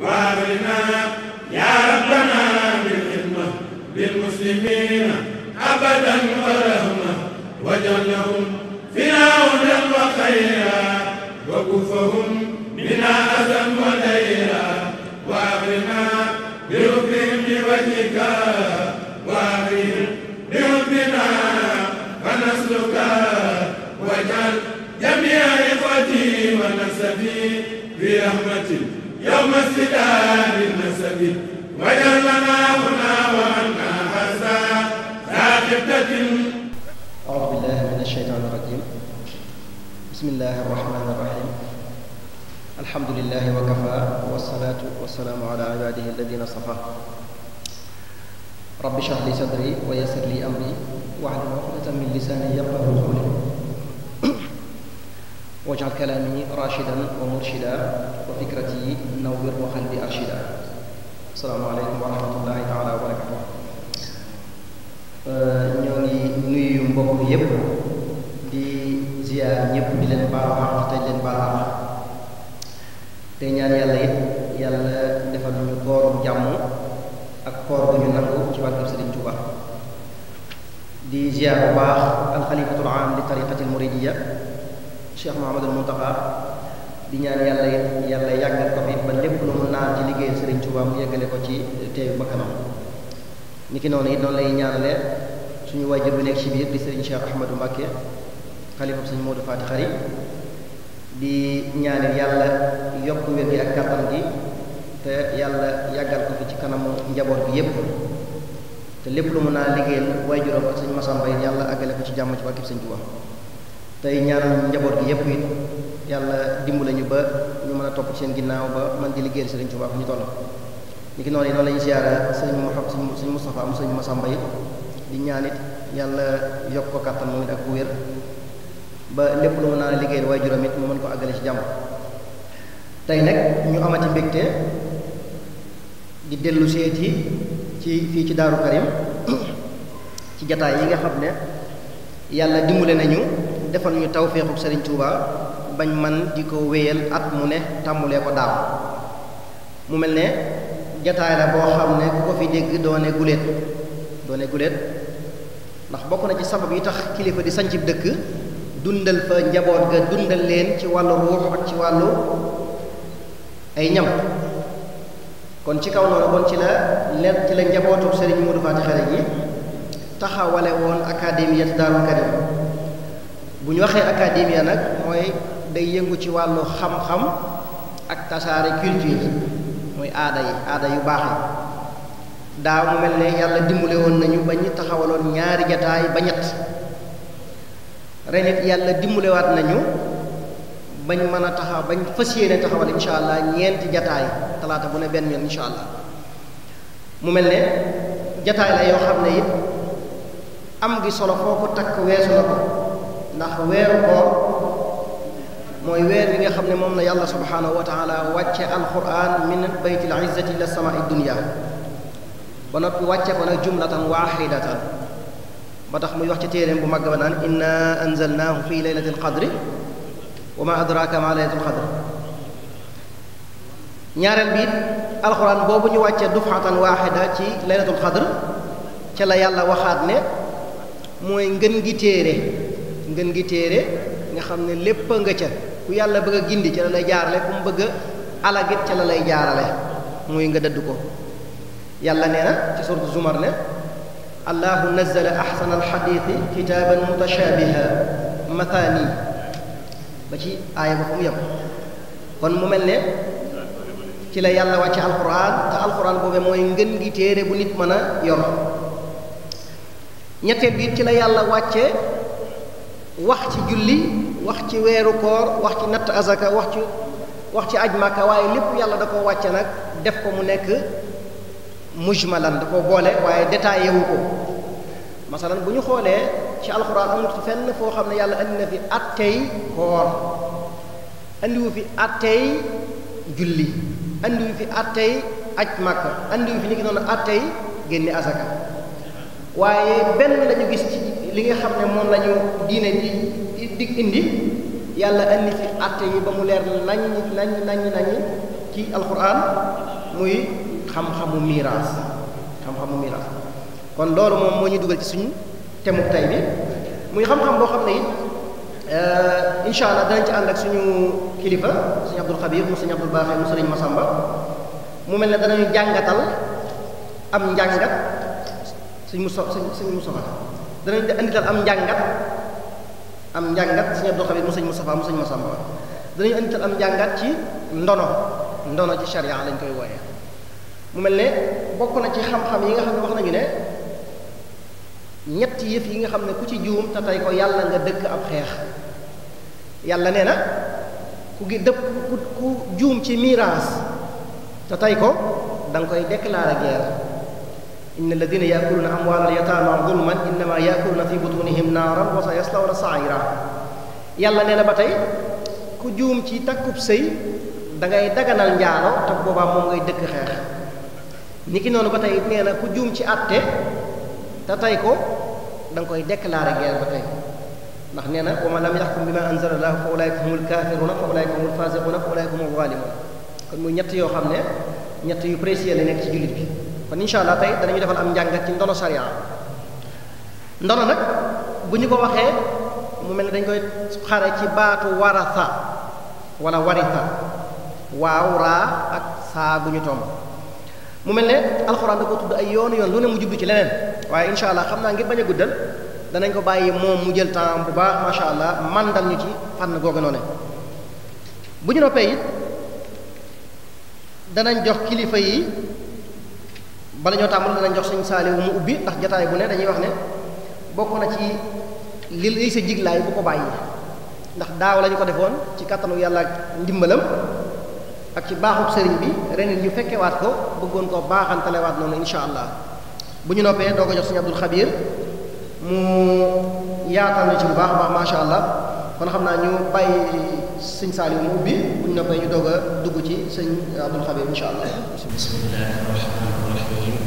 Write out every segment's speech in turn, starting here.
وأغننا يا ربنا بالخدمة بالمسلمين أبدا ورحمة واجعل لهم فينا هدى وخيرا وكفهم من أذى وديرا وأغننا بربهم بوجهك وأغنهم بربنا فنسلك واجعل جميع إخوتي ونسبي برحمتك يوم الستار النسب وجر لنا هنا وأنا هذا ذاكبة أعوذ بالله من الشيطان الرجيم بسم الله الرحمن الرحيم الحمد لله وكفى والصلاة والسلام على عباده الذين اصطفى رب اشرح لي صدري ويسر لي أمري واحلل عقدة من لساني يفقهوا قولي واجعل كلامي راشدا ومرشدا fikrati nawwir waxandi arshida asalaamaaleykum wa rahmatullahi taala wa barakatu euh, ñoo ngi nuyu mbokk yépp di ziar ñépp di leen baal baax tey leen baal baax tey ñaan yàlla it yàlla defal ñu kooru jàmm ak koor bu ñu nangu ci barkeb Sëriñ Tuuba di ziar bu baax alxalifatul aam li tariqati almuridiya Cheikh Muhammadul Muntaxa di ñaan yàlla yàlla yàggal ko fi ba lépp lu mu naan ci liggéeyal Sëriñ Tuubaa mu yeggale ko ci teeyu ba kanam ni ki noonu it noonu lay ñaanale suñu waajur bi nekk ci biir di Sëriñ Cheikh Ahmadou Mbacké xalifa Sëriñ Modou Faty Khary di ñaanal yàlla yokk wér gi gi te yàlla yàggal ko fi ci kanamu njaboot bi yépp te lépp lu mu naan liggéeyal waajuram ak Sëriñ Massamba yàlla àggale ko ci jàmm ci barkeb Sëriñ Tuubaa tey ñaanal njaboot gi yépp it yàlla dimbale ñu ba ñu mën a topp seen ginnaaw ba man di liggéeyal Sëriñ Tuubaa fu ñu toll ni ki noonu yi noonu la ñuy siyaara sëñ Mouhamed sëñ Moustapha am sëñ Massamba yi di ñaanit yàlla yokk ko kàttan moom it ak ku wér ba lépp lu mu naan liggéeyal waaye juróom mu mën ko àggale ci jàmm tey nag ñu amati mbégte di dellu seeti ci fii ci Daaru Karim ci jataay yi nga xam ne yàlla dimbale nañu defal ñu tawféexu Sëriñ Tuubaa bañ man di ko wéyal at mu ne tàmmulee ko daaw mu mel ne jataay la boo xam ne ku ko fi dégg doone guléet doone guléet ndax bokk na ci sabab yi tax kilifa di sancib dëkk dundal fa njaboot ga dundal leen ci wàllu ruux ak ci wàllu ay ñam kon ci kaw noonu kon ci la leen ci la njabootu Serigne Modou Faty Xare yi taxawale woon académie Daarul Karim bu ñu waxee académie nag mooy day yëngu ci wàllu xam-xam ak tasaare culture mooy aada yi aada yu baax la daaw mu mel ne yàlla dimbale woon nañu ba ñu taxawaloon ñaari jataay ba ñett ren it yàlla dimbulewaat nañu bañ mën a taxaw bañ fas yéene taxawal incha allah ñeenti jataay talaata bu ne benn yoon incha allah mu mel ne jataay la yoo xam ne it am gi solo foo ko takk weesu la ko ndax weeru koor mooy weer wi nga xam ne moom la yàlla subhaanahu wa taala wàcce alquran min baytil izzati ila samaai dunia ba noppi wàcce ko nag jumlatan waxidatan ba tax muy wax ci téeréem bu mag ba naan inna anzalnaahu fi leylati alqadri wa ma adraka ma boobu ñu wàcce dufatan waxida ci leylatu alqadr ca la yàlla waxaat ne mooy ngën gi téere ngën gi téere nga xam ne lépp nga ca ku yàlla bëgg a gindi ca la lay jaarale ku mu bëgg a alagit ca la lay jaarale muy nga dëdd ko yàlla nee ci suuratu zumar ne allahu nazala axsana alxadiiti kitaaban mutashaabiha mathaani ba ci aaya ba fu mu yem kon mu mel ne ci la yàlla wàcce alquran te alquran boobee mooy ngën gi téere bu nit mën a yor ñetteel bi ci la yàlla wàcce wax ci julli wax ci weeru koor wax ci natt azaka wax ci wax ci aj màkka waaye lépp yàlla da ko wàcce nag def ko mu nekk mujmalan da ko boole waaye détaillé wu ko masalan bu ñu xoolee ci alxuraan amul fenn foo xam ne yàlla andi na fi attey koor andiwu fi attey julli andiwu fi attey aj màkka andiwu fi ni ki noonu attey génne azaka waaye benn lañu gis ci li nga xam ne moom lañu diine ji dig indi yàlla indi ci àtte yi ba mu leer nañ nañ nañ nañ ci alquran muy xam-xamu miraas kon loolu moom moo ñuy dugal ci suñu temu tay bi muy xam-xam boo xam ne it euh, incha allah danañ ci ànd ak suñu kilifa suñu Abdul Xabir mu suñu Abdul Baaxe mu Masamba mu mel ne danañu jàngatal am njàngat suñu Musa suñu Musa danañ andital am njàngat am njàngat sëñ Abdou Khadir mu sëñ Moustapha mu sëñ Massamba danañu indi am njàngat ci ndono ndono ci charia lañ koy wooyee mu mel ne bokk na ci xam-xam yi nga xam ne wax nañu ne ñetti yëf yi nga xam ne ku ci juum te tey ko yàlla nga dëkk ab xeex yàlla nee na ku gi dëpp ku juum ci miraas te tey ko da koy koy déclarer guerre inna alladina yaakuluuna amwaala yataama zulman innama yaakuluuna fi butunihim naaran wa sa yaslawna saira yàlla nee na ba tey ku juum ci takkub sëy da ngay daganal njaalo te boobaa moom ngay dëkk xeex ni ki noonu ba tey nee na ku juum ci àtte te tey ko da nga koy déclaré guerre ba tey ndax nee na wa man lam yaxkum bi ma anzala llaahu fa ulaayka humul kaafiruuna fa ulaayka humul faasiquuna fa ulaayka humuz zaalimuun kon muy ñett yoo xam ne ñett yu précieux la nekk ci jullit bi kon incha allah tey danañu defal am njàngat ci ndono sariya ndono nag bu ñu ko waxee mu mel ne dañ koy xare ci baatu warasa wala warisa waaw raa ak saa gu ñu tomb mu mel ne alxuraan da ko tudd ay yoonu yoon lu ne mu jublu ci leneen waaye incha allah xam naa ngir bañ a guddal danañ ko bàyyi moom mu jël temps bu baax macha allah mandal ñu ci fànn googu noonu bu ñu noppee it danañ jox kilifa yi. bala ñoo tàmbal danañ jox sëñ Saaliw mu ubbi ndax jataay bu ne dañuy wax ne bokk na ci li li sa jiglaay bu ko bàyyi ndax daaw la ko defoon ci kattanu yàlla ak ndimbalam ak ci baaxub sëriñ bi ren ñu fekkewaat ko bëggoon koo baaxantalewaat noonu insha allah bu ñu noppee doo ko jox sëñ Abdul Xabir mu yaatal na ci bu baax a baax macha allah kon xam naa ñu bàyyi sëñ Saliou mu ubbi buñ noppee ñu doog a dugg ci sëñ Abdul Xabib incha allah. bismillaahi rahmaani rahiim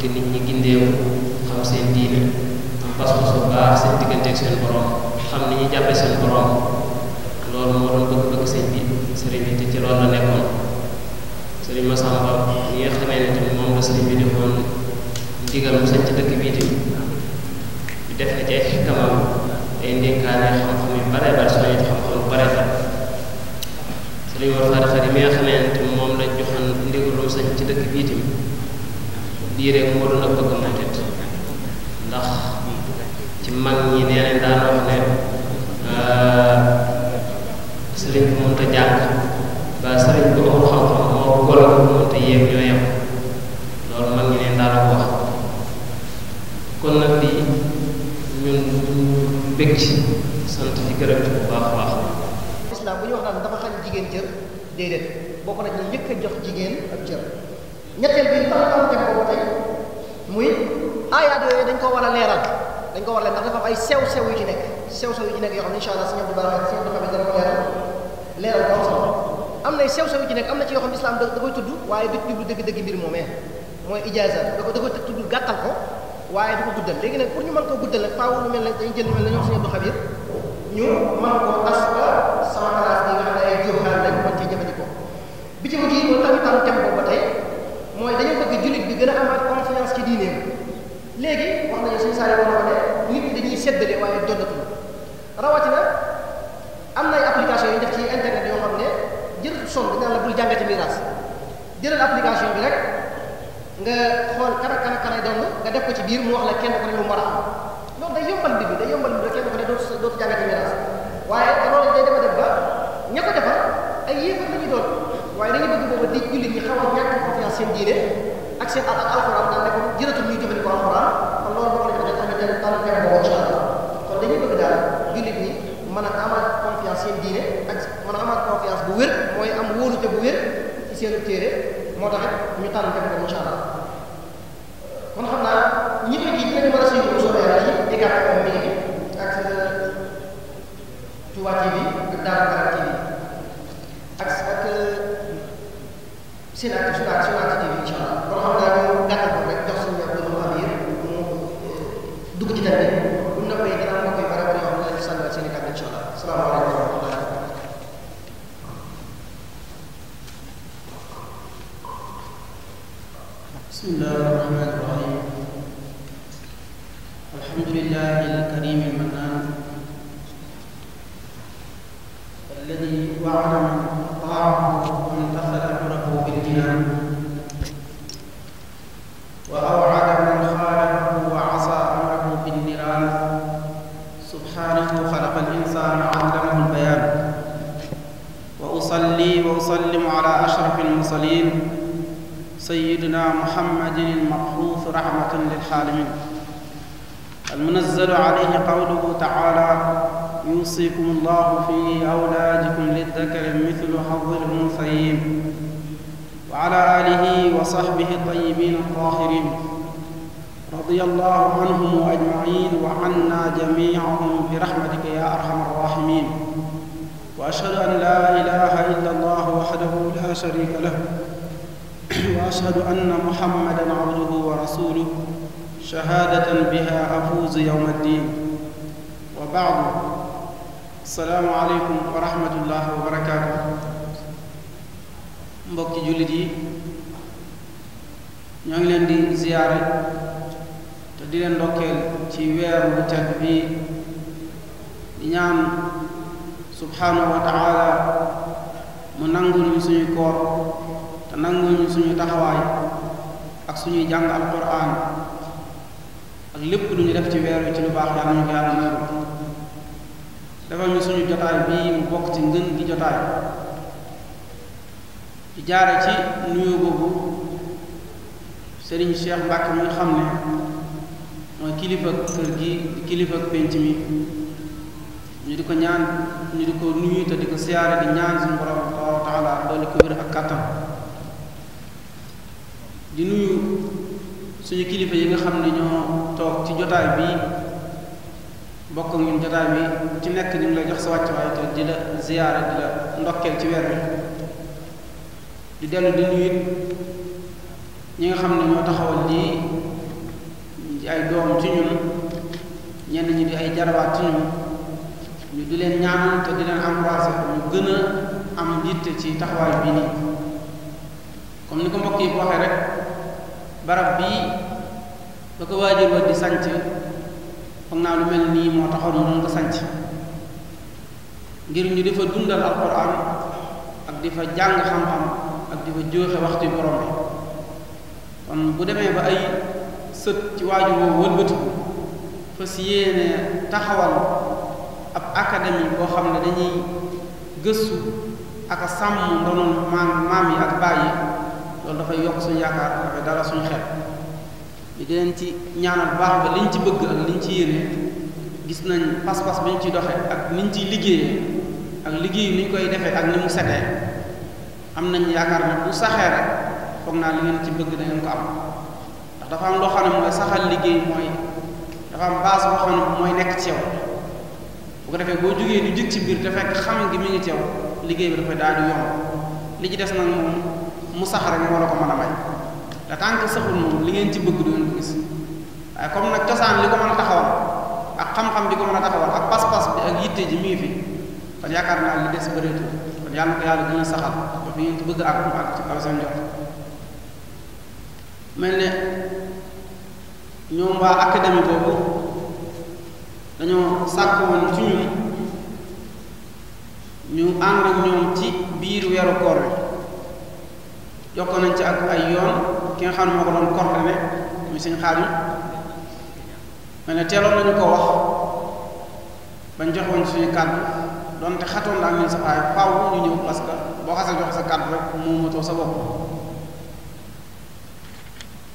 te nit ñi gindeewu xam seen diine am pas-pas bu baax seen digganteeg seen borom xam ni ñuy jàppe seen borom loolu moo doon bëgg-bëgg sëñ bi sëriñ bi te ci loolu la nekkoon sëriñ Massamba ñi nga xamee ne tamit moom la sëriñ bi defoon ndigal mu sañ ci dëkk bii tamit def na ci ay xikkamam ay ndénkaane xam-xam yu bare bare soo xam-xam yu bare sëriñ war xari xari mi nga xamee ne tamit moom la joxoon ndigal mu sañ ci dëkk bii lii rek moo doon ak bëgg ndax ci mag ñi nee nañ daan wax ne euh, sëriñ bu mënta jàng ba sëriñ bu amul xam-xam moo golo bu mënta yéem ñoo yem loolu mag ñi neen daan ko kon nag lii ñun bëgg ci sant ci gërëm ci bu baax a baax islam bu ñu wax naan dafa xañ jigéen cër déedéet bokk na ñu njëkk a jox jigéen ak cër ñetteel bi tax ñu am dem boobu tey muy aayaat dañ koo war a leeral dañ ko war a leeral ndax dafa am ay sew sew yu ci nekk sew sew yi ci nekk yoo xam ne incha allah si ñoom du baax si ñoom dafa am na sew sew yu ci am na ci yoo xam ne islam da koy tudd waaye du jublu dëgg-dëgg mbir moomee mooy ijaaza da ko da koy tudd gàttal ko waaye du ko guddal léegi nag pour ñu man koo guddal nag faaw lu mel ne dañu jël lu mel ne si ñoom xabir ñu mën koo tas ba sama classe bi nga xam ne ay jur xaal lañ mën cee jëfandikoo bi ci mujj yi mooy tax mooy dañoo jullit bi gën a amaat confiance ci diineem léegi wax nañu suñu saa yoo xam ne nit ñi dañuy séddale waaye doddatuñu rawatina am na ay application yu def ci internet yoo xam ne jël son bi naan la bul jàngati miraas jëlal application bi rek nga xool kan ak kan ak kan ay nga def ko ci biir mu wax la kenn ku ne lu mu war a am loolu day yombal mbir mi day yombal mbir mi kenn ku ne dootu dootu jàngati miraas waaye loolu day def ba ña ko defar ay yéefar la ñu doon waaye dañu bëgg seen diine ak seen ak alxuraan daal ne ko jëratul ñuy jëfandikoo alxuraan kon loolu boo ko defee dañ am daal jullit ñi mën a amaat confiance seen a amaat bu wér mooy am wóolute bu ñu tànn def ko incha allah kon xam naa ñëpp gi dinañ mën a suñu bu soobee yi déggaat ko mi ngi ak Touba ak Daaru ak ak ak إلا الله وحده لا شريك له وأشهد أن محمدا عبده ورسوله شهادة بها أفوز يوم الدين وبعد السلام عليكم ورحمة الله وبركاته mbokki jullit yi ñoo ngi leen di ziyaare te di leen ndokkeel ci weer bu tedd bi di ñaan subhanahu wa taala mu nangul ñu suñuy koor te nangul ñu suñuy taxawaay ak suñuy jàng alquran ak lépp lu ñu def ci weer wi ci lu baax yàlla ñu ko yàlla nangul defal ñu suñu jotaay bii mu bokk ci ngën gi jotaay di jaare ci nuyu boobu sëriñ Cheikh Mbàkke mi xam ne mooy kilifa kër gi di kilifa pénc mi ñu di ko ñaan ñu di ko nuyu te di ko siyaare di ñaan suñu borom subhanahu wa taala doole ko wér ak kàttan di nuyu suñu kilifa yi nga xam ne ñoo toog ci jotaay bi bokk ak ñun jotaay bi ci nekk ñu ngi lay jox sa wàccuwaay te di la ziyaare di la ndokkeel ci weer di dellu di nuyu ñi nga xam ne ñoo taxawal lii ay doom ci ñun ñenn ñi di ay jarabaat ci ñu di leen ñaanal te di leen encouragé ñu gën a am yitte ci taxawaay bii nii comme ni ko mbokk yi rek barab bii da ko waajur wa di sanc foog naa lu mel nii moo taxoon mu doon ko sanc ngir ñu di fa dundal alquran ak di fa jàng xam-xam ak di fa joxe waxtu borom bi kon bu demee ba ay sët ci waajur woowu wëlbatiku fas yéene taxawal ab académie boo xam ne dañuy gëstu ak a sàmm ndonoon maam maam yi ak baay loolu dafay yokk suñu yaakaar dafay dara suñu xel di leen ci ñaanal baax ba liñ ci bëgg ak liñ ci yéene gis nañ pas-pas bi ñu ciy doxee ak niñ ciy liggéeyee ak liggéey ni koy defe ak ni mu setee am nañ yaakaar ne bu saxee rek foog naa li ngeen ci bëgg da ko am ndax dafa am loo xam ne mooy liggéey mooy dafa am base boo xam ne mooy nekk ci yow bu ko defee boo jógee du jëkk ci biir te fekk xam gi mi ngi teew liggéey bi dafay daal di li ci des nag moom mu sax rek wala ko mën a may te tànk saxul moom li ngeen ci bëgg du ngeen gis waaye comme nag cosaan li ko mën a taxawal ak xam-xam bi ko mën a taxawal ak pas-pas bi ak yitte ji mi ngi yaakaar naa li des bëreetul kon yàlla ko yàlla gën a saxal ba fi ngeen ci bëgg ak mel ne ñoom waa académie boobu dañoo sàkk woon ci ñun ñu ànd ñoom ci biir weeru koor wi jokko nañ ci ak ay yoon ki nga xam ne moo ko doon coordonné seen xaar yi ma ne teeloon nañu ko wax bañ joxoon suñu kàddu donte xatoon naa ngeen sa waaye faaw ñu ñëw parce boo xasee joxe sa kàddu rek moomatoo sa bopp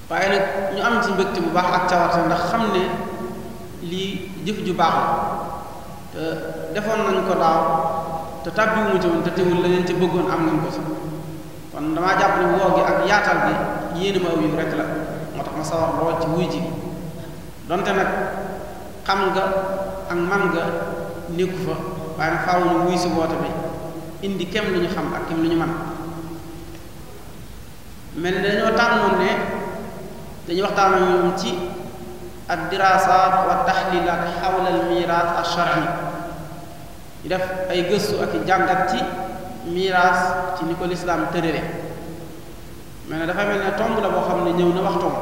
waaye nag ñu am ci mbégte bu baax ak cawarte ndax xam ne lii jëf ju baax te defoon nañ ko daaw te tàbbiwuma ci woon te teewul ci bëggoon am nañ ko si kon damaa jàpp ne woor gi ak yaatal bi yéene ma aw yiw rek la moo tax ma sawar lool ci wuy ji donte nag xam nga ak man nga nekku fa waaye nag faaw ñu wuy si woote bi indi kem lu ñu xam ak kem lu ñu man mel ni dañoo tànnoon ne dañuy waxtaan ak ci ak diraasaat wa taxlilaat xawla al miiraas def ay gëstu ak jàngat ci miiraas ci ni ko tërëre mel ne dafa mel ne tomb la boo xam ne ñëw na waxtoom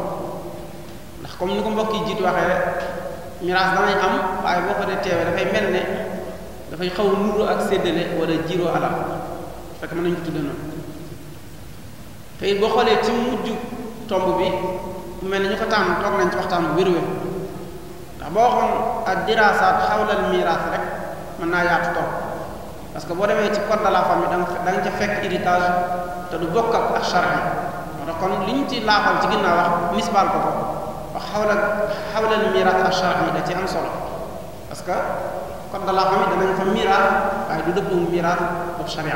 ndax comme ni ko mbokk yi jiit waxee miiraas danay am waaye boo ko dee teewee dafay mel ne dafay xaw nuru ak séddale wala jiiroo alal fekk mën nañu ko tudde noonu te boo xoolee ci mujj tomb bi mu na ñu ko tàmm toog nañ ci waxtaan bu wér-wér ndax boo waxoon ak diraasaat xawlal miiraas rek mën naa yaatu toog parce que boo demee ci code de la famille da ca fekk héritage te du bokk ak ak charia kon li ci laafal ci ginnaaw ko ko wax xawlal xawlal miiraas ak charia am solo parce que code de la famille danañ fa miiraas waaye du dëppoo miiraas bu charia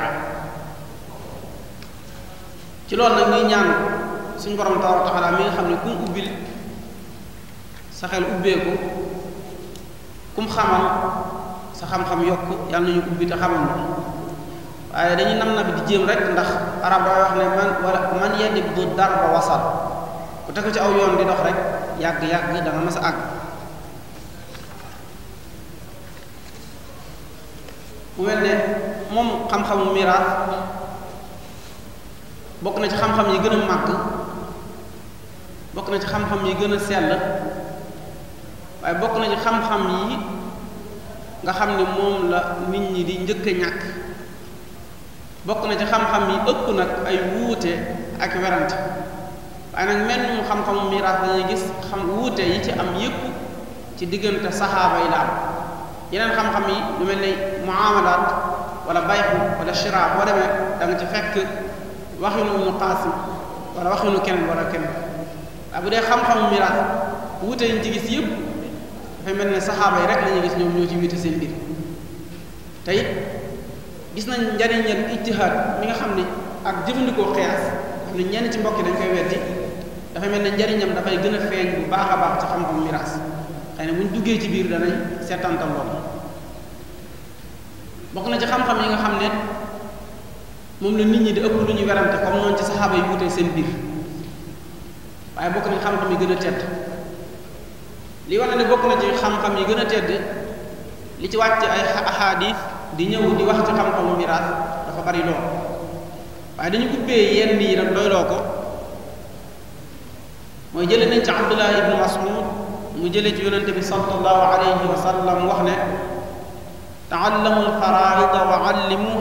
ci loolu nag ñuy ñaan. suñu borom tabaaraka wa taala mi nga xam ne ku mu ubbil sa xel ubbeeku ku xamal sa xam-xam yokk yàlla nañu ubbi te xamal ko waaye dañuy nam na bi di jéem rek ndax arab ba wax ne man wala man yenn bu dar wasal ku tegu ci aw yoon di dox rek yàgg-yàgg da nga mas a àgg bu mel ne moom xam-xamu miraas bokk na ci xam-xam yi gëna a bokk na ci xam-xam yi gën a sell waaye bokk na ci xam-xam yi nga xam ne moom la nit ñi di njëkk a ñàkk bokk na ci xam-xam yi ëpp nag ay wuute ak werante waaye nag mel mu xam-xamu miraas dañuy gis xam wuute yi ci am yëpp ci diggante saxaaro yi daal yeneen xam-xam yi lu mel ni muamalaat wala bayxu wala shira boo demee da nga ci fekk waxinu mu qaasim wala waxinu keneen wala keneen waaye bu dee xam-xamu miraas wuute yi ñu ci gis yëpp dafay mel ne saxaaba yi rek la ñuy gis ñoom ñoo ci wuute seen biir tey gis nañ njariñal ijtihaad mi nga xam ne ak jëfandikoo xiyaas xam mbokk dañ koy weddi dafay mel ne njariñam dafay gën a bu baax a baax ci xam-xamu miraas xëy na buñ duggee ci biir danañ seetantal loolu bokk na ci xam-xam yi nga xam ne moom la nit ñi di ëpp lu ñu werante comme noonu ci saxaaba yi wuute seen biir waaye bokk nañ xam-xam yi gën a tedd li wax ne bokk na ci xam-xam yi gën a tedd li ci wàcc ay ahadis di ñëw di wax ci xam-xamu miraas dafa bari lool waaye dañu ubbee yenn yi nag doyloo ko mooy jële nañ ci abdullah ibnu mas'ud mu jële ci yonente bi sallallahu alayhi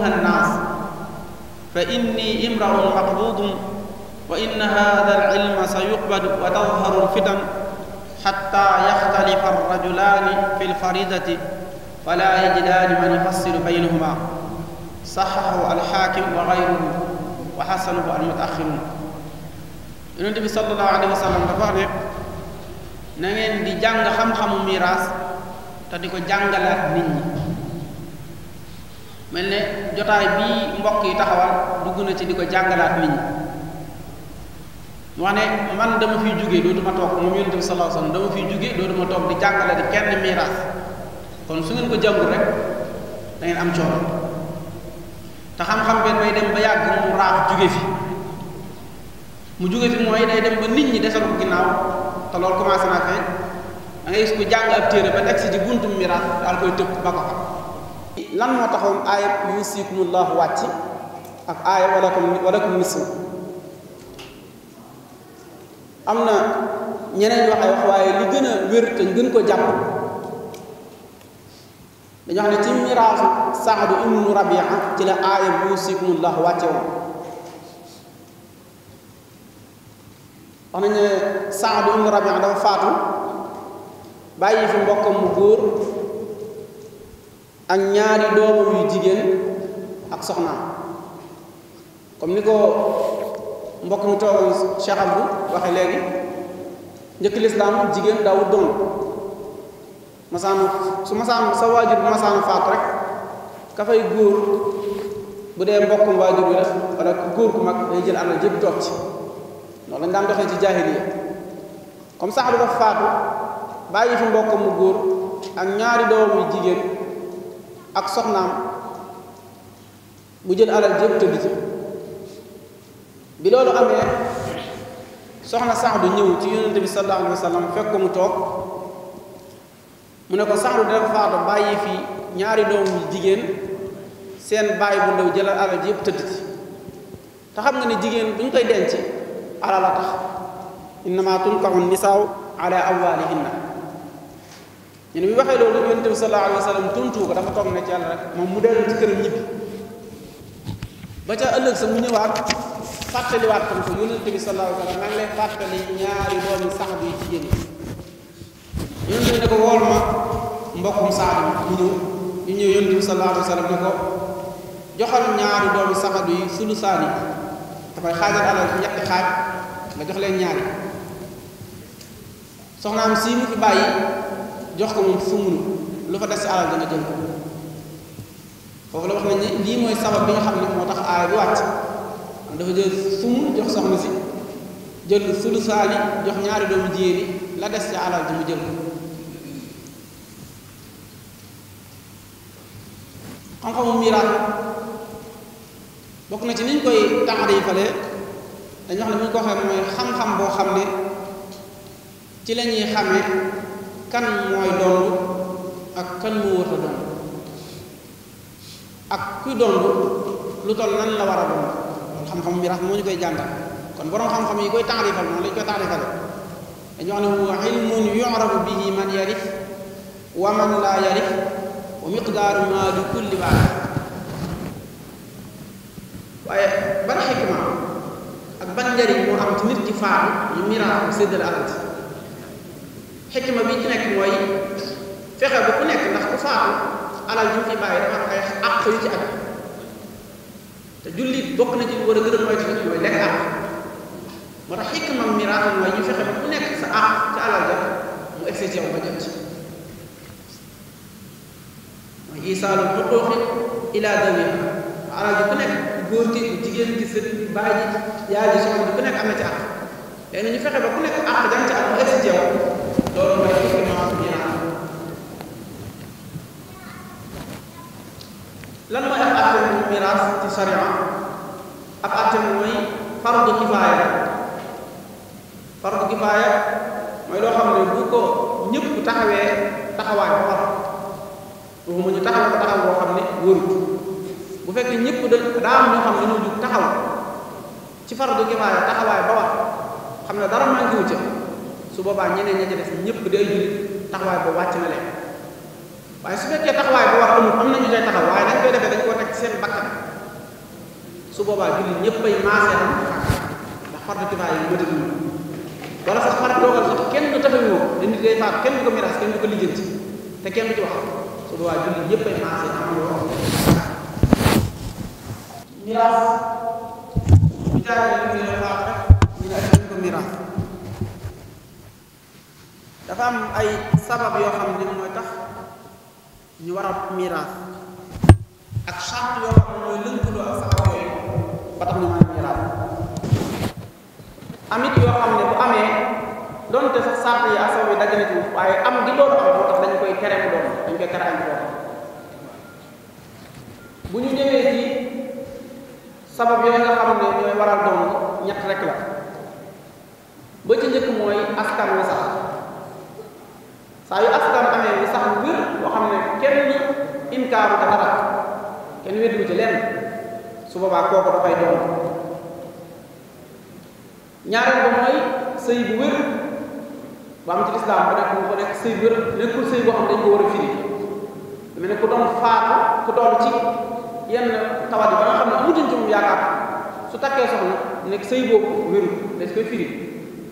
annaas fa inni imraun maqbudun wa inna hada alilma sayuqbadu wa tadharu alfitan xatta yaxtalifa alrajulaani fi lfaridati fala yajidaani man yufassilu baynahuma saxaxahu alxaakim wa gayruhu wa xasanahu almutaaxirun yonente bi salallahu alayhi wa sallam dafa ne na di jàng xam miraas te di ko jàngalaat nit ñi mel ne jotaay bii mbokk yi taxawal dugg na ci di ko jàngalaat nit ñi mu wax ne man dama fiy jóge dootuma toog moom yonent bi sallallahu alayhi wasallam dama fiy jóge dootuma toog di jàngale di kenn miiraas kon su ngeen ko jàngul rek da am coono te xam-xam benn day dem ba yàgg mu raaf jóge fi mu jóge fi mooy day dem ba nit ñi desal ginnaaw te loolu commencé naa feeñ da ngay gis ko jàng ab téere ba nekk si ci buntum miiraas daal koy tëpp ba ko xam lan moo taxoon aayat yusikumullahu wàcc ak aayat walakum walakum misl am na ñeneen wax waaye li gën a wér te gën ko jàpp dañu wax ne ci miraasu Saadu ibnu Rabia ci la aaya yuusikumullah wàcce woon wax nañu ne Saadu ibnu Rabia dafa faatu bàyyi fi mbokkam mu góor ak ñaari doomam yu jigéen ak soxna comme ni ko mbokk mi toogal Cheikh bu waxe léegi njëkk lislaam jigéen daawu doon masaan su masaan sa waajur bu masaan faatu rek ka fay góor bu dee mbokkum waajur bi def wala góor ku mag day jël alal jëpp toog ci noonu lañ daan doxee ci jaahiliya comme sax du dafa faatu bàyyi fi mbokkam mu góor ak ñaari doom jigéen ak soxnaam mu jël alal jëpp tëdd ci bi loolu amee soxna Saadu ñëw ci yonente bi te alayhi wa sallam fekk ko mu toog mu ne bàyyi fi ñaari doom jigéen seen bàyyi bu ndaw jëlal alal ji yëpp tëdd ci te xam nga ne jigéen bu ñu koy denc alal la tax innama tunkahu nisaaw ala amwaalihinna ñu ne bi waxee loolu yonente bi sallallahu alayhi wa sallam tuntu dafa toog ne ci rek moom mu dellu ci këram ñibbi ba ca ëllëg sa mu ñëwaat fàttaliwaat kon ko yonente bi sallallahu alayhi wa sallam maa ngi lay ñaari doomi Saad yi yonente bi ne ko nga jox leen ñaari soxnaam sii mu ko moom fu munu la wax nañ ne lii mooy sabab bi nga xam ne moo tax aaya bi wàcc dafa jël sumu jox soxna si jël sulu jox ñaari doomu jigéen la des ci alal ji mu jël xam-xamu miraas bokk na ci niñ koy taarifale dañu wax ne bu ñu ko waxee mooy xam-xam boo xam ne ci la ñuy xamee kan mooy dondu ak kan moo war dondu ak kuy dondu lu toll nan la war a dondu xam-xam miraas moo ñu koy jàngal kon borom xam-xam yi koy taarifal moom lañ koy taarifal dañu wax ne huwa ilmun yu'rafu bihi man yarif wa man laa yarif wa miqdaaru maa li kulli baax waaye ban xikma ak ban njariñ moo am ci nit ki faatu fexe ba ku nekk ndax ku faatu alal ji mu fi bàyyi dafa am ay àq yu ci ak te jullit bokk na ci war a gën a moytu ci mooy lekk àq moo tax xikk nekk sa àq ca alal ja mu egsi ci yow ba jot ci nekk góor gi jigéen gi sët baay ji yaay ji soxna ku nekk am na ñu fexe ba ku nekk àq jam mu egsi ci loolu mooy xikk mam miraat lan mooy ab àtte mu miraas ci sariya ab àtte mu mooy fardu kifaaya fardu kifaaya mooy loo xam ne bu ko ñëpp taxawee taxawaay bu war waxuma ñu taxaw ko taxaw boo xam ne wóorut bu fekkee ñëpp da daa am ñoo xam ne taxaw ci fardu kifaaya taxawaay ba war xam ne dara maa ngi ca su boobaa ñeneen ña ca des ñëpp di ay jullit taxawaay ba wàcc na waaye su fekkee taxawaay bu wax amul am nañu koy taxaw waaye su boobaa jullit ñëpp ko miraas kenn du ko lijjanti te ko miraas dafa am ay sabab yoo xam ne mooy tax. ñu war a miraas ak charte yoo xam ne mooy lëkkaloo ak saxaaba yooyu ba tax ñu mën miraas amit yoo xam ne bu amee donte sax charte yi ak yi dagg waaye am gi loolu am moo tax dañu koy tere mu bu ñu ñëwee ci sabab yooyu nga xam ne ñooy waral doon ñett rek la ba njëkk mooy askan wi sax saa yu askan amee lu sax lu wér moo xam ne kenn inkaaru dafa rak kenn wéetu ci lenn su boobaa kooku dafay doon ñaareel ba mooy sëy bu wér bu am ci lislaam bu nekk bu nekk sëy bu wér nekkul sëy boo xam dañ ko war a firi dama ne ku doon faatu ku doon ci yenn tawat yi ba nga xam ne amutuñ ci moom yaakaar su takkee soxna nekk sëy boobu wérul dañ koy firi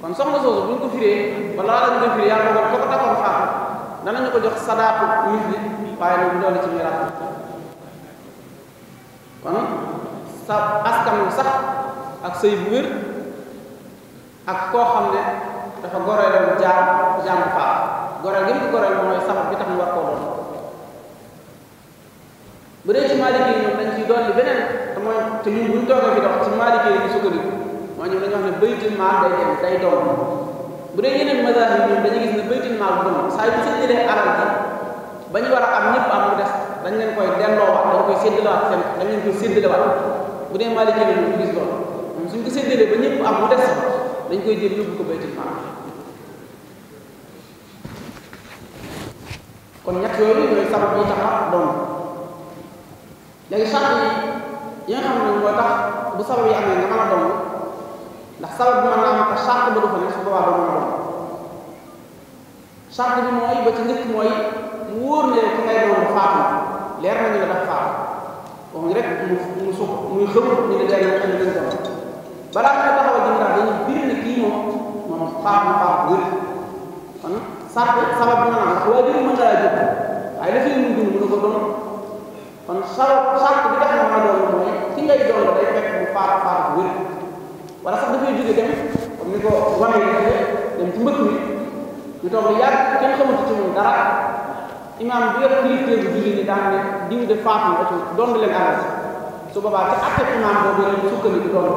kon soxna soosu bu ñu ko firee wala la ñu ko firee yàlla ko ko takkoon faatu danañu ko jox sadaatu misli waaye loolu doole ci miraas kon sa askan wu sax ak sëy bu wér ak koo xam ne dafa goreelu jaar jàng faatu goreel gi mu ko mooy sabab bi tax mu war koo doon bu dee ci maaliki yi ñoom dañ ciy dolli beneen te mooy te ñun bu ñu toogee fi dox ci maaliki yi mooy ñoom dañuy wax ne baytul maal day dem day doon bu dee yeneen mazahib ñoom dañuy gis ne baytul maal bu doon saa yu seen jëlee alal ji ba ñu war a am ñëpp am mu des dañ leen koy delloowaat dañ koy séddalewaat seen dañ leen koy séddalewaat bu dee Maalik yi ñu gis loolu moom suñ ko séddalee ba ñëpp am mu dañ koy jël yóbbu ko baytul maal kon ñett yooyu ñooy sabab yi tax a doon léegi charte yi yi xam ne mooy tax bu sabab yi amee nga mën a doon ndax sabab bi mën naa am te sart ba fa ne su boobaa doo mën a doon sart mooy ba ci njëkk mooy mu wóor ne ki ngay doon faatu leer nañu la dafa faatu moom mu mu suuf muy xëm ñu ne leer nañu dañ dem balaa nga taxaw a jëm daal dañuy bir ne kii moom moom faatu faatu wér bi mu dund mën na ko doon kon bi tax na mën a mooy ki ngay doon day fekk mu faatu faatu wér wala sax dafay jóge dem comme ni ko wane yi defee dem ci mbëkk mi ñu toog lu yàgg kenn xamatu ci moom dara imaam bi yor kilifteef bi julli ni daan de faatu na ci dond leen alal su boobaa ci àtte imaam boobu leen sukkandiku doon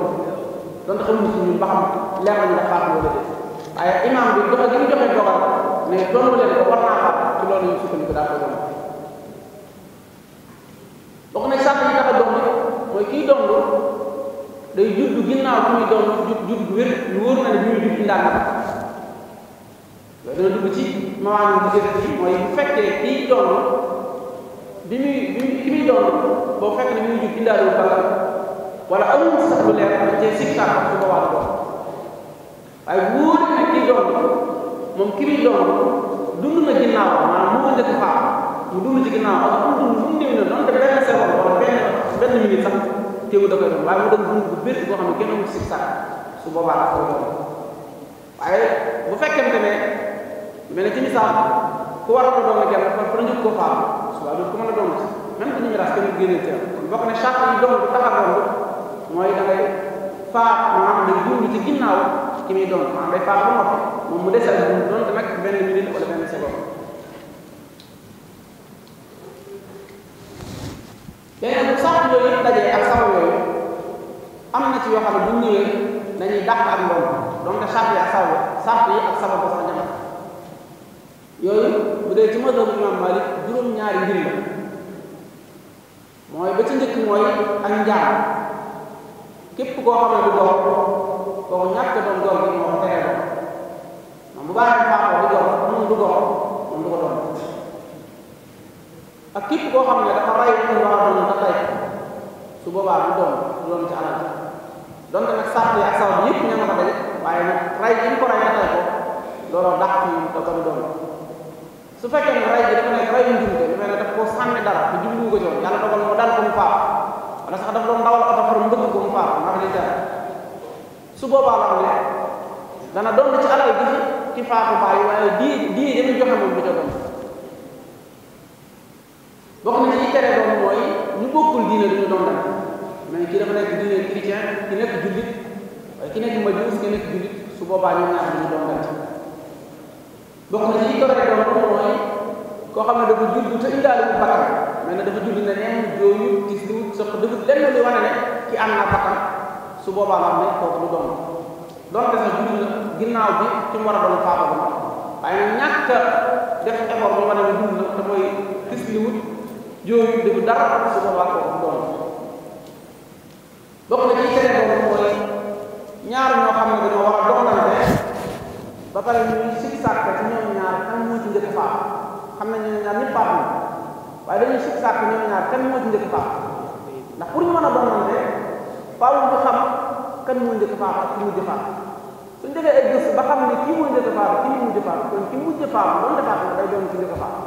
donte xamuñu ci ñun ba xam leer nañu la faatu wala def waaye imaam ko war naa faatu loolu ñu sukkandiku daa ko doon bokk a dond mooy kii dond day juddu ginnaaw bi muy doon jud judd bu wér lu wóor na ne bi muy judd indaal na ko loolu dugg ci maanaam bu jëkk bi mooy bu fekkee kii doon bi muy bi muy doon boo fekk ne bi muy judd indaal bala wala amul sax lu leer da cee sikkaat su ko waat ko waaye bu wóor na kii doon moom ki muy doon dund na ginnaaw maanaam moo njëkk faa mu dund ci ginnaaw ak mu dund fu mu néew na doon te benn seconde wala benn benn minute sax teewu da koy dox waaye mu doon dund bu bëri boo xam ne kenn amul si sax su boobaa ak loolu waaye bu fekkente ne mel ne ci misaal ku war a doon doon jàll fa fa njëkk koo faam suba bi ku mën a doon ci même bu ñu miraas kenn génnee teel kon bokk ne charte yi doon bu tax a doon mooy da ngay faat maanaam da dund ci ginnaaw ki muy doon maanaam day faat ba noppi moom mu desal bu doon te nag benn minute wala benn seconde léegi nag bu sax yooyu dajee ak actes yoo xam ne bu ñu ñëwee loolu donte sart yi ak sabab yooyu bu dee ci mazhabu imam Malik juróom-ñaari mbir la mooy ba ci njëkk mooy ak njaam képp koo xam ne du doom kooku ñàkk doom doom bi moo ko teree doom moom bu baax a baax du doom moom du doom moom du ko doom ak képp koo xam ne dafa rey lu war a doon dafa rey su boobaa du doom du doon ci donte nag sàpp yi ak sawar bi yëpp ña nga ko daje waaye nag ray gi ñu ko ray natay ko looloo da ko doon su fekkee ne ray gi dafa nekk ne daf koo sànni dara te jublu ko ci woon ko mu sax daf doon ko mu faaf ndax li dara su boobaa la ne dana doon ci alal gi ci faatu bàyyi waaye dii dii dañu joxe moom du jotoon bokk na ci tere mais ki dafa nekk diine chrétien ki nekk jullit waaye ki nekk majuus ki nekk jullit su boobaa ñoom ñaar ñu doon gàncax bokk na ci yi ko rek doon mooy koo xam ne dafa julli te indaale bu bakkan mais nag dafa julli ne neen jooyu gis lu sëq dafa lenn li wane ne ki am naa bakkan su boobaa nga xam ne kooku lu doon doon te sax julli na ginnaaw bi ci mu war a doon faaba ba waaye ñàkk def effort ba wane ne julli na te mooy gis li wut jooyu dafa dara su boobaa kooku lu doon bokk na ci tere boobu mooy ñaar ñoo xam ne dañoo war a doxalante ba pare ñuy sikk sàkk ci ñoom ñaar kan moo ci njëkk faatu xam na waaye dañuy sikk sàkk ñoom ñaar kan moo ci njëkk faatu ndax pour ñu mën a doxalante faaw ñu xam kan moo njëkk faatu ak ki mujj faatu suñ defee ba xam ne kii moo njëkk faatu kii moo mujj faatu ki mujj faatu moom la faatu day doon ci njëkk faatu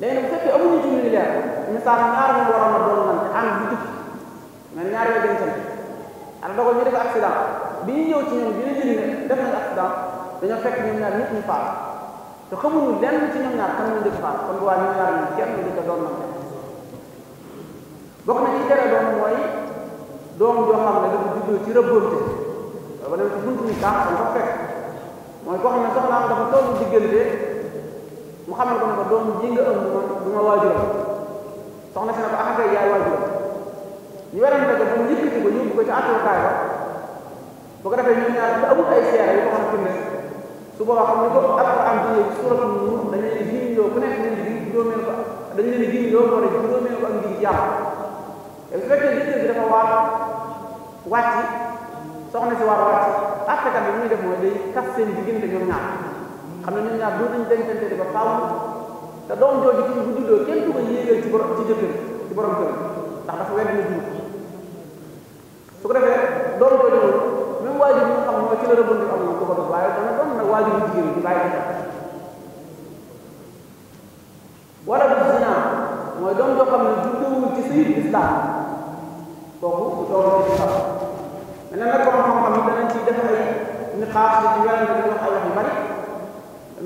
léegi nag bu fekkee amuñu ci ñu leer ñu sànni ñaar ñu waroon a doxalante ànd mais ñaari way dañu sant ana dogal ñu def accident bi ñu ñëw ci ñoom bi ñu jëli ne def nañ accident dañoo fekk ñoom ñaar ñëpp ñu faal te xamuñu lenn ci ñoom ñaar kan ñu def faal kon bu waa ñoom ñaar ñu kenn du ko doon na bokk na ci tere doom mooy doom joo xam ne dafa juddoo ci rëbbante ba dem ci buntu ni tax dañ ko fekk mooy koo xam ne soxnaam dafa tollu diggante mu xamal ko ne ko doom ji nga ëmb moom du ma waajuram soxna si ne ko axakay ah yaay waajuram ñu werante ko moom yëkkati ko yóbbu ko ci àttukaay ba bu ko defee ñu ñaar te amul ay seere yu ko xam firnde su boobaa xam ne ko alquran bi yëg suratu nuur dañu leen di ku nekk leen di juróomeel ko dañu leen di gindoo ko rek juróomeel ko ak ngi yàlla su fekkee jëkkër bi dafa waat wàcc soxna si waat wàcc àttekat bi muy def mooy day kas seen diggante ñoom ñaar xam ne ñoom ñaar dootuñu dencante di ba faaw te doom jooju ci bu juddoo kenn du ko yéegal ci borom ci jëkkër ci borom kër ndax dafa wedd na juróom su ko defee doon ko ñëw même waajur bi nga xam mooy ci la rëbbandi am na ko ko doon waaye dana doon nag waajur bu jigéen bi bàyyi ko wala bu zina mooy doom joo xam ne juddewul ci sëy islam kooku doom ci sax mais nag comme xam ay niqaas ci wax ay bari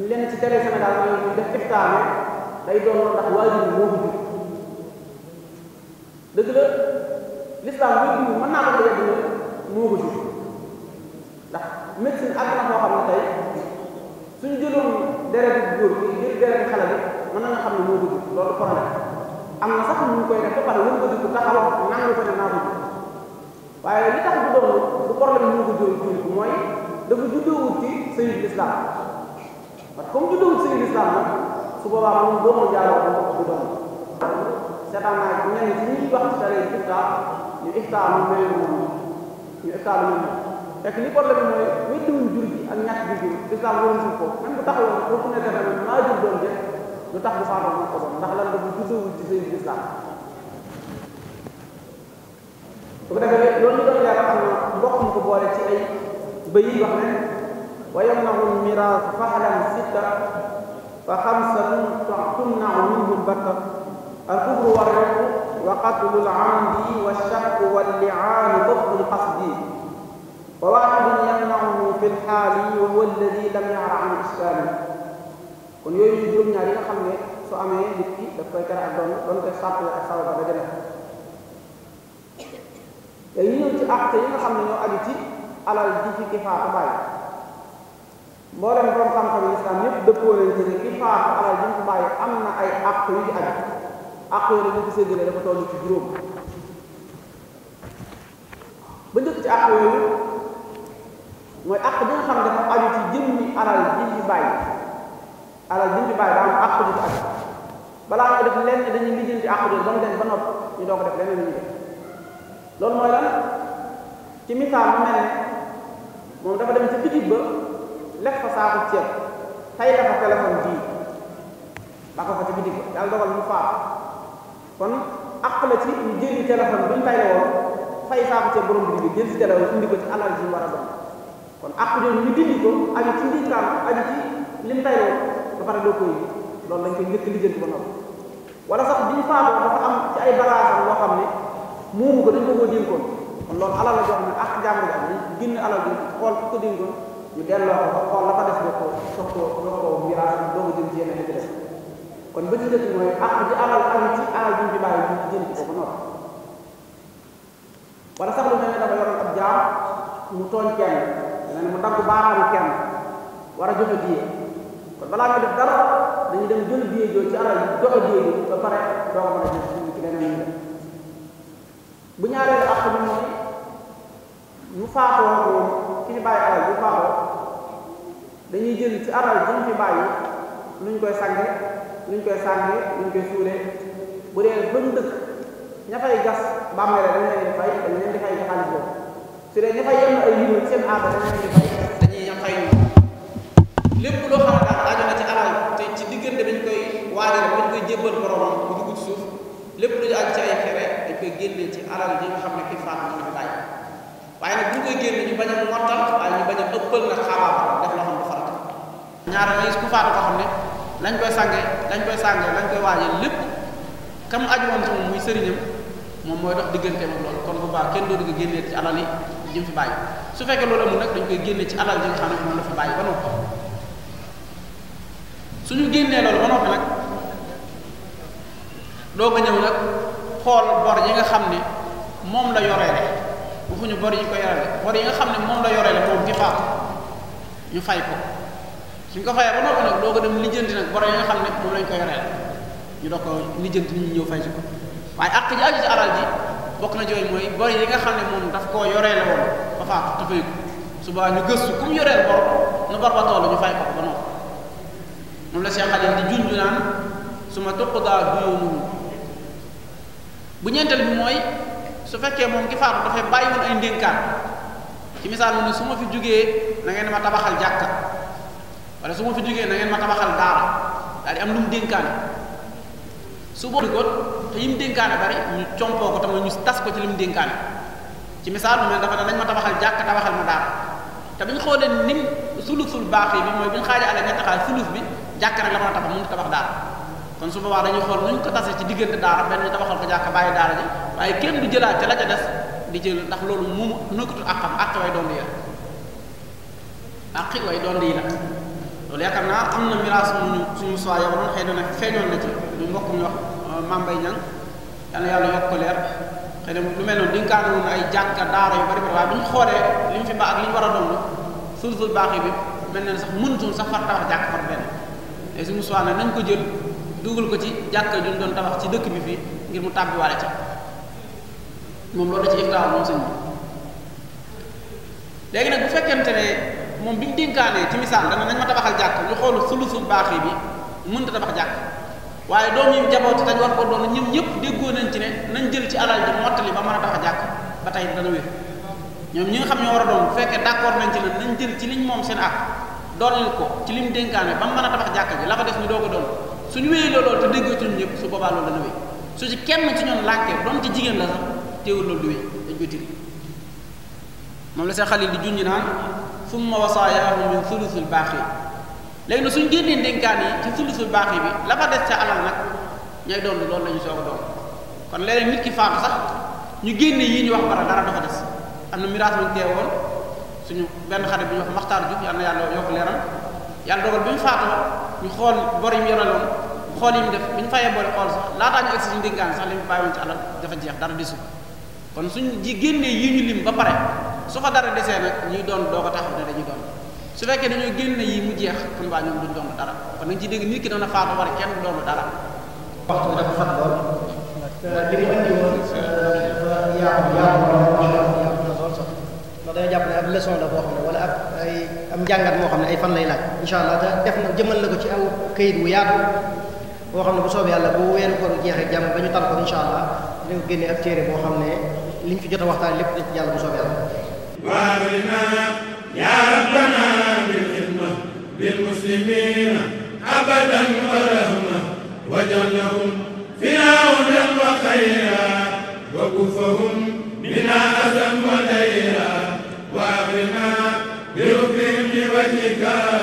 leen ci télé Sénégal mooy def iftaane day doon ndax waajur moo ko dëgg la l'islam bu ñu mën naa ko dégg moo ko jur ndax médecine ak na koo xam ne tey suñu jëloon deret bu góor bi jël deret xale bi mën na nga xam ne moo ko loolu problème am na sax ñu koy def ko jur taxawoo nangu ko ne naa waaye li tax bu doon mooy dafa juddoowut ci sëyu l'islam parce que comme juddoowut sëyu l'islam nag su boobaa moom doomu jaaroo ko du doon seetaan naa ñenn ci ñuy wax ci sare ñu ixtaalu mel moom ñu ixtaalu mel moom fekk li problème bi mooy wéttiwuñ jur gi ak ñàkk bi jur islam waroon suñ ko même bu taxawoon boo ku nekk tamit maa jur doon jëf lu tax bu faatoo moo ko doon ndax lan la bu juddoowul ci sëy islam su ko defee loolu ñu doon yaakaar am na mbokk mu ko boole ci ay bëy yi wax ne wa yamnahu miraas fahlan sitta fa xamsatun tumnau minhum bakka al kubru war rekk wa qatlul amdi wa shaqu wal li'aani bughdul qasdi wa waahidun yamna'uhu fil haali wa huwa alladi lam ya'ra an islaami kon yooyu ñu juróom ñaar yi nga xam ne su amee nit ki daf koy tere ak doon doon koy sàpp la ak sabab ba dajale te ñu ñëw ci acte yi nga xam ne ñoo aju alal ji fi kifaatu alal ji mu bàyyi am ay acte yu ci àq yooyu nag ñu ko séddalee dafa toll ci juróom ba njëkk ci àq yooyu mooy àq bi nga xam ne dafa aju ci jëmmi alal ji ñu bàyyi alal ji ñu bàyyi daa am àq ju ci aju balaa nga def lenn dañuy lijjanti àq yooyu ba mu dem ba noppi ñu doo ko def leneen la ñuy def loolu mooy lan ci misaal mu mel moom dafa dem ci bitig ba lekk fa saaku ceeb tey dafa téléphone bii ba ko fa ci bitig ba daal dogal mu faatu kon àq la ci ñu jëli téléphone bi ñu fay la woon fay saako ca borom bi jël si téléphone indi ko ci alal ji war a doon kon àq yooyu ñu dindi ko aju ci ndiikaam aju ci lim fay ba pare doo koy loolu lañ koy njëkk lijjanti ba noppi wala sax bi ñu dafa am ci ay balaasam loo xam ne muumu ko dañ ko koo ko kon loolu alal la jox ne àq jàmm ji am génn alal bi xool ku ko dénkoon ñu delloo ko xool la fa def ba ko soog koo soog koo miraas doog a jëm ci yeneen yi ci des kon ba ci dëkk mooy àq ji alal am ñu bàyyi ñu jënd ko ba noppi wala mu tooñ kenn dana mu dagg baaraamu kenn war a joxe biyee kon balaa nga def dara dañu dem jël biyee jooju ci alal joxe biyee bi ba pare doo ko mën a jël ci leneen ñu bu mooy ñu faatoo ko ki ñu bàyyi alal bu faatoo dañuy jël ci alal ji ñu fi bàyyi lu ñu koy sànge ñu koy sànni ñu koy suulee bu dee ba mu dëkk ña fay gas bàmmeel dañ leen di fay dañ leen di fay xaalis boobu su dee ña fay yenn ay yiw seen aada dañ leen di fay lépp loo xam ne daal na ci alal te ci diggante bi koy waajal bi ñu koy jébbal boromam bu dugg suuf lépp lu ñu ci ay xere dañ koy génne ci alal yi nga xam ne kii faatu ñu bàyyi waaye nag bu ñu génne ñu bañ a mottal waaye ñu bañ a ëppal nag xaabaabal def loo xam ne farata ñaar ku faatu ko xam ne lañ koy sàngee lañ koy sàngee lañ koy waajee lépp kam aju woon ci moom muy sëriñam moom mooy dox diggante moom loolu kon bu baax kenn dootu digg génnee ci alal yi su fekkee loolu amul nag dañ koy génne ci alal ji nga xam ne moom la fi bàyyi ba noppi suñu nag xool yi nga xam ne moom la yoreele waxuñu bor yi ko yoreele bor yi nga ne moom la yoreele moom ci faatu ñu fay ko suñ ko fayee ba noppi nag doo ko dem lijjanti nag boro yi xam ne moom lañ ko yoreel lijjanti nit ñi ñëw fay si ko waaye bokk na jooyu mooy nga xam ne moom daf koo yoreel woon ba faatu te fay ko subaa gëstu ku mu yoreel bor nu bor ba toll ñu fay ko ba noppi la Cheikh Xalil di junj naan su ma tuqdaa duyoonuhu bu ñeenteel bi mooy su fekkee moom ki faatu dafay bàyyi woon ay ndénkaan ci misaal mu su ma fi jógee na ngeen ma tabaxal jàkka wala su ma fi jógee na ngeen ma tabaxal daara daal di am lu mu dénkaane su boobu ko te yi mu dénkaane bari ñu compoo ko tam ñu tas ko ci li mu dénkaane ci misaal mu mel dafa ne nañ ma tabaxal jàkk tabaxal ma daara te bu ñu xoolee nim sulusul baax yi bi mooy bu ñu xaajee àll ñetti xaaj bi jàkk rek la mën a tabax mënut tabax daara kon su boobaa dañuy xool ñu ko tasee ci diggante daara benn ñu tabaxal ko jàkk bàyyi daara ji waaye kenn du jëlaat ca la ca di jël ndax loolu moomu nëkkatu àqam àq way doon di la doon di loolu yaakaar naa am na miraas suñu suñu soi yowanoon xëy na nag feeñoon na ci ñu mbokk mi wax euh, mambay ñang yàlla yàlla yokk ko leer xëy lu mel noonu di nga woon ay jàkka daara yu bari bari waaye bu ñu xoolee li li ñu war a doon sulsul baax yi bi mel na ne sax mënutul sax far tabax jàkk suñu soi nag nañ ko jël dugal ko ci jàkka ju doon tabax ci dëkk bi fii ngir mu tàbbiwaale ca moom loolu da ci iftaar moom sëñ bi léegi nag bu fekkente ne moom bi mu dénkaanee ci misaal dana nañ ma tabaxal jàkk ñu xool sulusul baaxi bi mënut a tabax jàkk waaye doom yi mu jaboot tañ war ko ñëpp déggoo nañ ci ne nañ jël ci alal ji mottali ba mën a tabax jàkk ba tey dana ñoom ñi nga xam ñoo war a doon bu fekkee d'accord nañ ci ne nañ jël ci liñ moom seen ak dooleel ko ci lim dénkaane ba mu mën a jàkk ji la def ñu doo ko doon suñu wéyee loolu te su boobaa loolu dana wéy su ci kenn ci ñoom lànkee doom ci jigéen la sax téewul du wéy dañ koy tiri moom la seen xalil di junñi naan summa wasaayaahu min sulusul baaxi léegi nag suñ génnee ndénkaan yi ci sulusul baaxi bi la fa des ca alal nag ñooy doon loolu la ñu soog a doon kon léeg-léeg nit ki faatu sax ñu génne yii ñu wax bara dafa des am na miraas mu teewoon suñu benn xarit bu ñu wax maxtaar na yàlla yokk leeram yàlla dogal bi ñu faatoo ñu xool bor yi mu yoreloon xool yi mu def bi ñu xool sax laataa ñu agsi suñu ndénkaan sax li mu bàyyiwoon ci alal dafa jeex dara desul kon suñ génnee yii ñu lim ba pare su fa dara desee nag ñuy doon doo ko taxaw ne dañuy doon su fekkee dañoo génn yi mu jeex kon waa ñoom duñ doon dara kon nañ ci dégg nit ki dana faatu war kenn ñu indi na lool sax ndax dañoo jàpp ne ab leçon la boo xam ne wala ab ay am njàngat moo xam ne ay fan lay laaj incha allah te def na jëmal na ko ci aw kayit wu yaatu boo xam ne bu soob yàlla bu weeru koor jeexee jàmm ba ñu tal ko incha allah dinañ ko génnee ab téere boo xam ne li ñu fi jot a waxtaan lépp dañ ci yàlla bu soobee yàlla. وأغننا يا ربنا بالخدمة للمسلمين أبدا ورهما واجعلهم فرعونا وخيرا وكفهم من أذى وليلا وأغننا بركهم لوجهك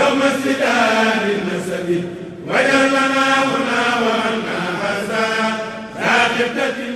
يوم استدار النسب وجل لنا هنا وأنا هذا لا